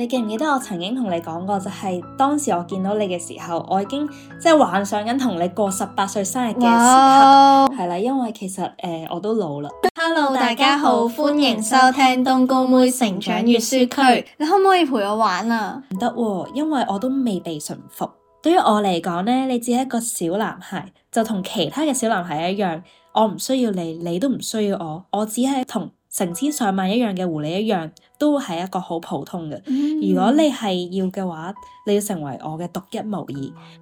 你記唔記得我曾經同你講過，就係、是、當時我見到你嘅時候，我已經即係幻想緊同你過十八歲生日嘅時候。係啦 Wow.，因為其實、呃、我都老啦。Hello，大家好， 歡迎收聽冬菇妹成長閱書區。 你可唔可以陪我玩啊？唔得、啊，因為我都未被馴服。對於我嚟講呢，你只係一個小男孩，就同其他嘅小男孩一樣，我唔需要你，你都唔需要我，我只係同。成千上萬一樣嘅狐狸一樣，都係一個好普通嘅。如果你係要嘅話，你要成為我嘅獨一無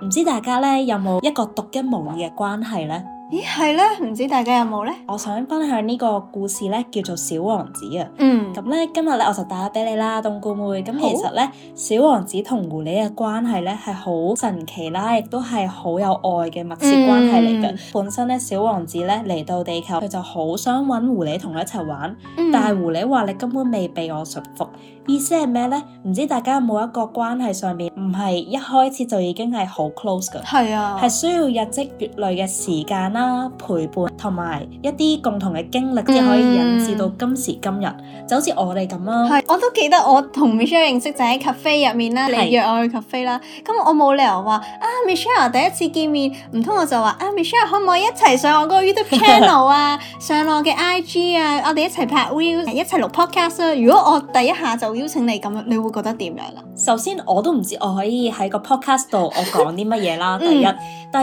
二。唔知大家呢，有冇一個獨一無二嘅關係呢？咦，係咧，唔知大家有冇呢？我想分享呢個故事呢，叫做小王子啊。嗯，咁呢，今日呢，我就帶咗俾你啦，冬菇妹。咁其實呢，好《小王子》同狐狸嘅關係呢，係好神奇啦，亦都係好有愛嘅密切關係嚟㗎。嗯，本身呢，《小王子》呢，嚟到地球，佢就好想搵狐狸同佢一齊玩。嗯大狐狸話：你根本未被我馴服，意思係咩呢？唔知大家有冇一個關係上面唔係一開始就已經係好 close 嘅，係啊，係需要日積月累嘅時間啦、陪伴同埋一啲共同嘅經歷先可以引致到今時今日。嗯、就好似我哋咁啦，我都記得我同 Michelle 認識就喺 cafe 入面啦，是你約我去 cafe 啦，咁我冇理由話啊 Michelle 第一次見面，唔通我就話啊 Michelle 可唔可以一齊上我個 YouTube channel 啊， 上我嘅 IG 啊，我哋一齊拍、V 一齊錄 podcast 啦！如果我第一下就邀請你咁樣，你會覺得點樣啊？首先我都唔知我可以喺個 podcast 度我講啲乜嘢啦。 嗯、第一、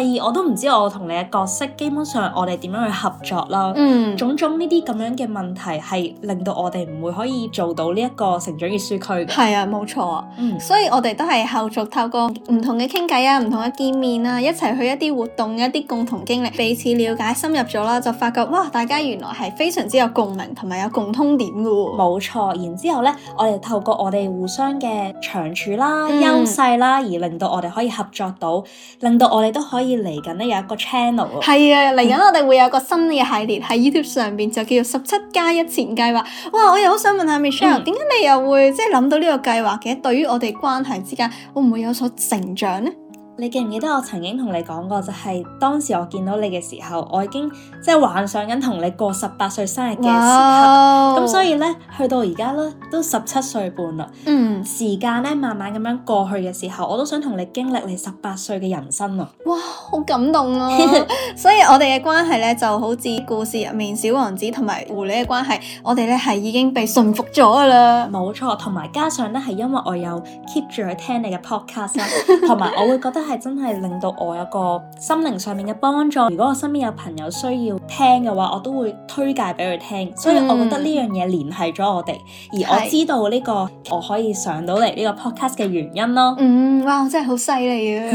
第二，我都唔知我同你嘅角色，基本上我哋點樣去合作啦。嗯，種種呢啲咁樣嘅問題係令到我哋唔會可以做到呢一個成長嘅閱書區。係啊，冇錯。嗯，所以我哋都係後續透過唔同嘅傾偈啊，唔同嘅見面啊，一齊去一啲活動、一啲共同經歷，彼此了解深入咗啦，就發覺哇，大家原來係非常之有共鳴同埋有共。唔通點噶？冇錯，然之後咧，我哋透過我哋互相嘅長處啦、優勢、嗯、啦，而令到我哋可以合作到，令到我哋都可以嚟緊咧有一個 channel。係啊、嗯，嚟緊我哋會有個新嘅系列喺 YouTube 上邊，就叫做十七加一前計劃。哇！我又好想問下 Michelle，點解、嗯、你又會即係諗到個計劃呢個計劃嘅？對於我哋關係之間，會唔會有所成長咧？你記唔記得我曾經同你講過，就係、是、當時我見到你嘅時候，我已經即係幻想緊同你過十八歲生日嘅時候。咁 Wow. 所以呢，去到而家咧，都十七歲半啦。嗯、mm.，時間咧慢慢咁樣過去嘅時候，我都想同你經歷你十八歲嘅人生啊！哇，wow, 好感動啊！ 所以我哋嘅關係呢，就好似故事入面小王子同埋狐狸嘅關係，我哋咧係已經被馴服咗㗎啦。冇錯、嗯，同埋加上咧係因為我有 keep 住去聽你嘅 podcast，同埋 我會覺得。係真係令到我有一個心靈上面嘅幫助。如果我身邊有朋友需要聽嘅話，我都會推介俾佢聽。所以我覺得呢樣嘢聯繫咗我哋，嗯、而我知道呢、這個是我可以上到嚟呢個 podcast 嘅原因咯。嗯，哇，我真係好犀利啊！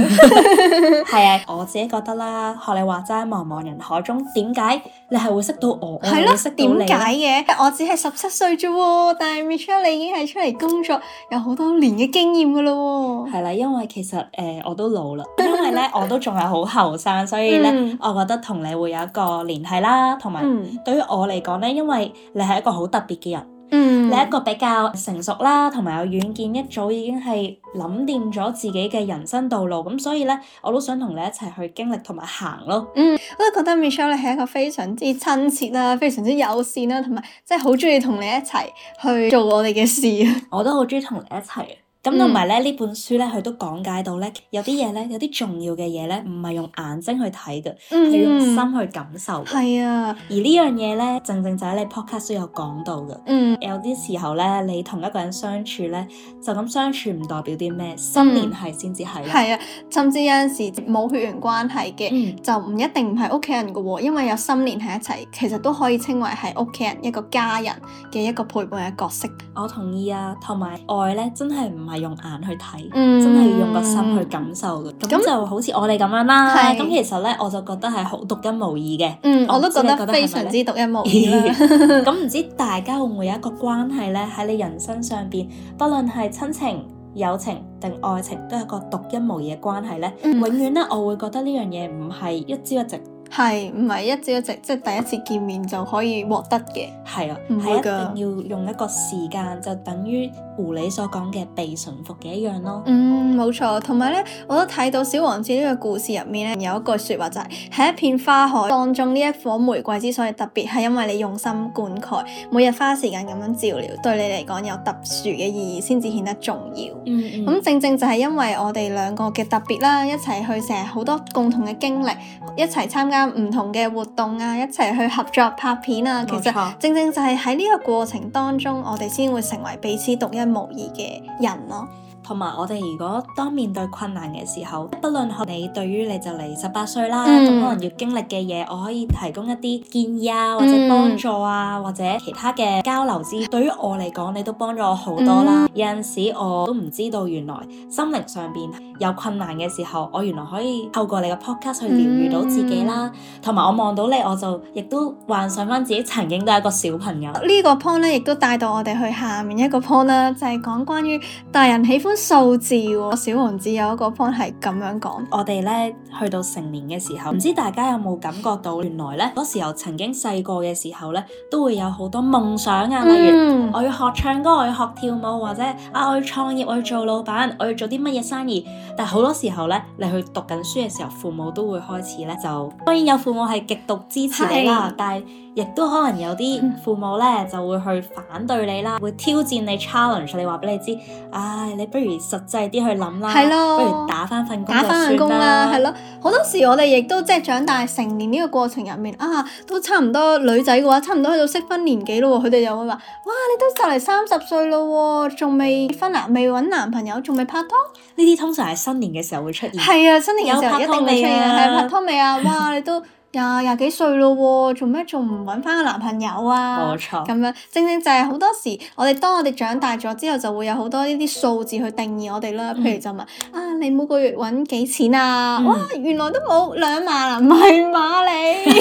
係啊， 我自己覺得啦。學你話齋，茫茫人海中，點解你係會識到我，啦我係會識到你嘅？我只係十七歲啫，但係 Michelle 你已經係出嚟工作有好多年嘅經驗噶咯。係啦，因為其實誒、呃，我都。 因為咧我都仲係好後生，所以咧，我覺得同你會有一個聯繫啦，同埋對於我嚟講咧，因為你係一個好特別嘅人，嗯，你一個比較成熟啦，同埋有遠見，一早已經係諗掂咗自己嘅人生道路，咁所以咧，我都想同你一齊去經歷同埋行咯。嗯，我都覺得 Michelle 咧係一個非常之親切啦，非常之友善啦，同埋即係好中意同你一齊去做我哋嘅事啊！我都好中意同你一齊。咁同埋咧，呢、嗯、本書咧，佢都講解到咧，有啲嘢咧，有啲重要嘅嘢咧，唔係用眼睛去睇嘅，要、嗯、用心去感受。係啊，而呢樣嘢咧，正正就喺你 Podcast 都有講到嘅。嗯，有啲時候咧，你同一個人相處咧，就咁相處唔代表啲咩？心連係先至係。係啊、嗯，甚至有陣時冇血緣關係嘅，就唔一定唔係屋企人嘅喎，因為有心連喺一齊，其實都可以稱為係屋企人一個家人嘅一個陪伴嘅角色。我同意啊，同埋愛咧，真係唔係。用眼去睇，真係要用個心去感受嘅。咁就好似我哋咁樣啦。咁其實咧，我就覺得係好獨一無二嘅。嗯，我都覺得非常之獨一無二。咁唔知大家會唔會有一個關係咧？喺你人生上面，不論係親情、友情定愛情，都係一個獨一無二嘅關係咧。永遠咧，我會覺得呢樣嘢唔係一朝一夕，係唔係一朝一夕，即係第一次見面就可以獲得嘅。係啊，係一定要用一個時間，就等於。狐狸所講嘅被馴服嘅一樣咯，嗯，冇錯，同埋咧，我都睇到小王子呢個故事入面咧，有一句説話就係，是，喺一片花海當中，呢一顆玫瑰之所以特別，係因為你用心灌溉，每日花時間咁樣照料，對你嚟講有特殊嘅意義，先至顯得重要。嗯咁，嗯、正正就係因為我哋兩個嘅特別啦，一齊去成日好多共同嘅經歷，一齊參加唔同嘅活動啊，一齊去合作拍片啊，冇錯，其實正正就係喺呢個過程當中，我哋先會成為彼此獨一無意嘅人咯。 同埋我哋如果當面對困難嘅時候，不論你對於你就嚟十八歲啦，咁、嗯、可能要經歷嘅嘢，我可以提供一啲建議啊，或者幫助啊，嗯、或者其他嘅交流之。對於我嚟講，你都幫咗我好多啦。嗯、有陣時我都唔知道，原來心靈上邊有困難嘅時候，我原來可以透過你嘅 podcast 去療癒到自己啦。同埋、嗯、我望到你，我就亦都幻想翻自己曾經都係一個小朋友。呢個 point 咧，亦都帶到我哋去下面一個 point 啦，就係講關於大人喜歡。數字喎、哦，小王子有一個 point 係咁樣講。我哋咧去到成年嘅時候，唔知大家有冇感覺到，原來咧嗰時候曾經細個嘅時候咧，都會有好多夢想啊，例如我要學唱歌，我要學跳舞，或者啊，我要創業，我要做老闆，我要做啲乜嘢生意。但係好多時候咧，你去讀緊書嘅時候，父母都會開始咧就，當然有父母係極度支持你啦，是但係。亦都可能有啲父母咧就會去反對你啦，會挑戰你 challenge 你話俾你知，唉，你不如實際啲去諗啦，的不如打翻份工打翻份工啦。係咯，好多時我哋亦都即係長大成年呢個過程入面啊，都差唔多女仔嘅話，差唔多去到適婚年紀咯。佢哋就會話：哇，你都就嚟三十歲咯，仲未結婚啊，未揾男朋友，仲未拍拖？呢啲通常係新年嘅時候會出現。係啊，新年嘅時候一定會出現啊出現、嗯！拍拖未啊？哇，你都～ 廿廿幾歲咯，做咩仲唔揾翻個男朋友啊？冇錯沒錯，咁樣正正就係好多時，我哋當我哋長大咗之後，就會有好多呢啲數字去定義我哋啦。譬、嗯、如就問啊，你每個月揾幾錢啊？嗯、哇，原來都冇兩萬啊，唔係嘛你？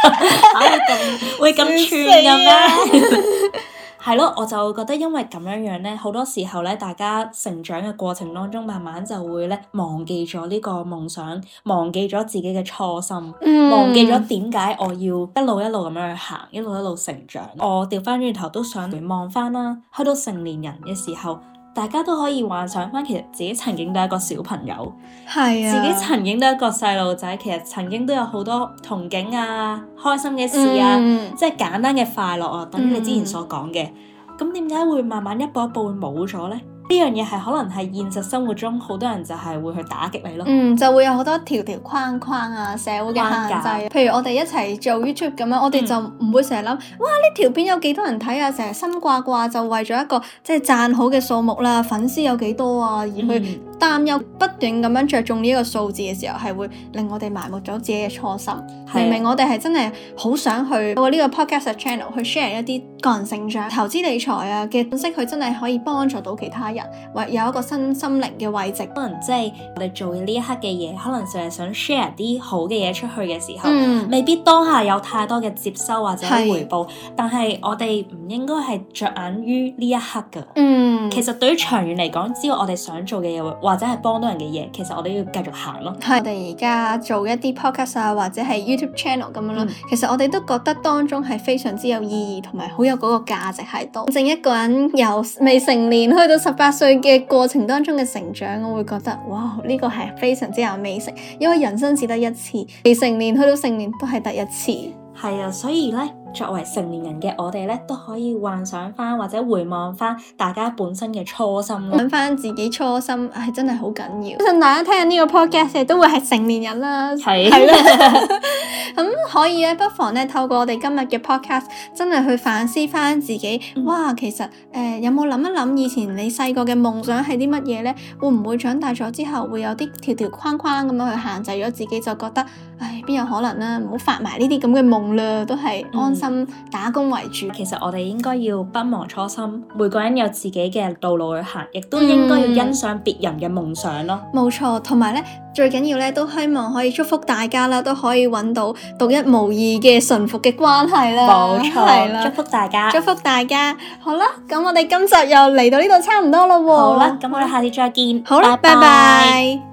會咁串嘅咩？算死啊 係咯，我就覺得因為咁樣樣咧，好多時候咧，大家成長嘅過程當中，慢慢就會咧忘記咗呢個夢想，忘記咗自己嘅初心，嗯、忘記咗點解我要一路一路咁樣去行，一路一路成長。我掉翻轉頭都想回望翻啦，去到成年人嘅時候。大家都可以幻想翻，其實自己曾經都係一個小朋友，係啊，自己曾經都係一個細路仔，其實曾經都有好多憧憬啊、開心嘅事啊，嗯、即係簡單嘅快樂啊，等於你之前所講嘅。咁點解會慢慢一步一步冇咗呢？呢樣嘢，係可能係現實生活中好多人就係會去打擊你咯，嗯，就會有好多條條框框啊，社會嘅限制、框架，譬如我哋一齊做 YouTube 咁樣，我哋就唔會成日諗，嗯、哇，呢條片有幾多人睇啊，成日心掛掛就為咗一個即係讚好嘅數目啦，粉絲有幾多啊，而去、嗯。擔憂不斷咁樣着重呢一個數字嘅時候，係會令我哋埋沒咗自己嘅初心。的明明我哋係真係好想去我呢個 podcast channel 去 share 一啲個人成長投資理財啊嘅知識，佢真係可以幫助到其他人，或者有一個新心靈嘅慰藉。可能即係我哋做呢一刻嘅嘢，可能就係想 share 啲好嘅嘢出去嘅時候，嗯、未必當下有太多嘅接收或者回報。的但係我哋唔應該係着眼於呢一刻㗎。嗯其實對於長遠嚟講，只要我哋想做嘅嘢，或者係幫到人嘅嘢，其實我哋要繼續行咯。係我哋而家做一啲 podcast 啊，或者係 YouTube channel 咁樣咯。嗯、其實我哋都覺得當中係非常之有意義，同埋好有嗰個價值喺度。正一個人由未成年去到十八歲嘅過程當中嘅成長，我會覺得哇，呢、呢個係非常之有美食。因為人生只得一次，未成年去到成年都係得一次。係啊，所以呢。作為成年人嘅我哋咧，都可以幻想翻或者回望翻大家本身嘅初心，諗翻自己初心，唉、哎，真係好緊要。相信大家聽呢個 Podcast 嘅都會係成年人啦，係啦的。咁吧 可以咧，不妨咧透過我哋今日嘅 Podcast，真係去反思翻自己。嗯、哇，其實誒、呃，有冇諗一諗以前你細個嘅夢想係啲乜嘢呢？會唔會長大咗之後會有啲條條框框咁樣去限制咗自己？就覺得唉，邊、哎、有可能呢、啊？唔好發埋呢啲咁嘅夢啦，都係安、嗯。打工為主，其實我哋應該要不忘初心。每個人有自己嘅道路去行，亦都應該要欣賞別人嘅夢想咯。冇錯、嗯，同埋咧，最緊要咧，都希望可以祝福大家啦，都可以揾到獨一無二嘅馴服嘅關係錯啦。冇錯，係啦，祝福大家，祝福大家。好啦，咁我哋今集又嚟到呢度差唔多啦。好啦，咁我哋下次再見。好啦，拜拜。